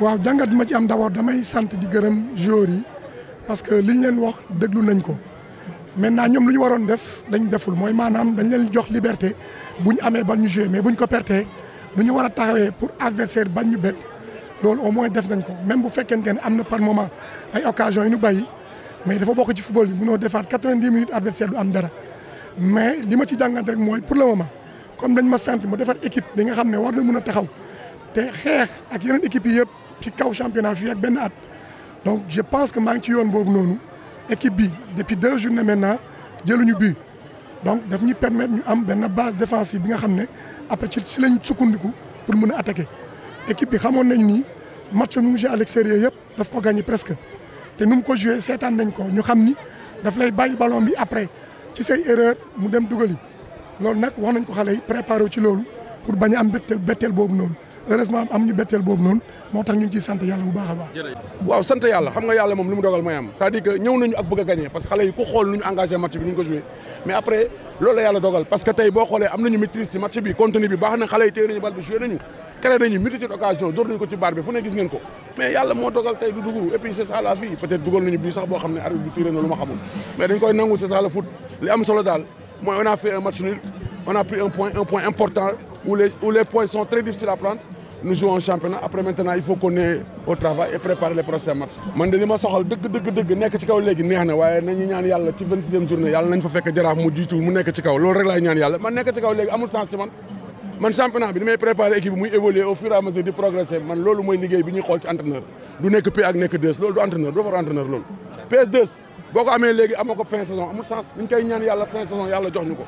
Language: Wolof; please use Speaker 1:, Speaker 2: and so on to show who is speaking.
Speaker 1: waaw jàngat ma ci am d'abord damay sant di gërëm joueurs yi parce que liñ leen wax déglu nañ ko maintenant ñoom lu ñu waroon def lañ deful mooy maanaam dañ leen jox liberté bu ñu amee bal ñu joué mais bu ñu ko perte lu ñu war a taxawee pour adversaire bañ ñu bett loolu au moins def nañ ko même bu fekkee ne am na par moment ay occasion yu ñu bàyyi mais dafa bokk ci football bi munoo defaat quatre-vingt-dix minutes adversaire du am dara mais li ma ci jàngat mooy pour le moment comme dañ ma sant ma defar équipe bi nga xam ne war na mën a taxaw te xeex ak yeneen équipes yi yëpp. ci kaw championnat fii ak benn at donc je pense que maa ngi ci yoon boobu noonu équipe bi depuis deux journées maintenant jëluñu biir donc daf ñuy permettre ñu am benn base défensive bi nga xam ne après ci si lañ sukkandiku pour mën a attaquer équipe bi xamoon nañ ni match mu joué à l'extérieur yëpp daf ko gagné presque te nu mu ko joué seetaan nañ ko ñu xam ni daf lay bàyyi ballon bi après ci say erreur mu dem dugali loolu nag wax nañ ko xale yi préparé ci loolu pour bañ am betteel betteel boobu noonu. heureusement am ñu betteel boobu noonu moo tax ñu ngi ciy sant yàlla baax a
Speaker 2: baax waaw sant yàlla xam nga yàlla moom li mu dogal mooy am cest dire que ñëw nañu ak bëgg a parce que xale yi ku xool nu ñu engagé match bi nu ñu ko mais après loolu la dogal parce que tey boo xoolee am nañu maîtrise match bi contenu bi baax na xale yi téye nañu bal bi joué nañu créé nañu multitude occasion dóor nañu ko ci baar bi fu ne gis ngeen ko mais yàlla nu jouons championnat après maintenant il faut qu'on au travail et préparer les prochains matchs. man de li ma soxal dëgg dëgg dëgg nekk ci kaw léegi neex na waaye nañu ñaan yàlla ci vingt sixième journée yàlla nañ fa fekk jaraaf mu jiitu mu nekk ci kaw loolu rek laay ñaan yàlla man nekk ci kaw léegi amul sens man man championnat bi damay préparer équipe muy évoluer au fur et à di progresser man loolu mooy liggéey bi ñuy xool ci entraîneur du nekk P ak nekk ko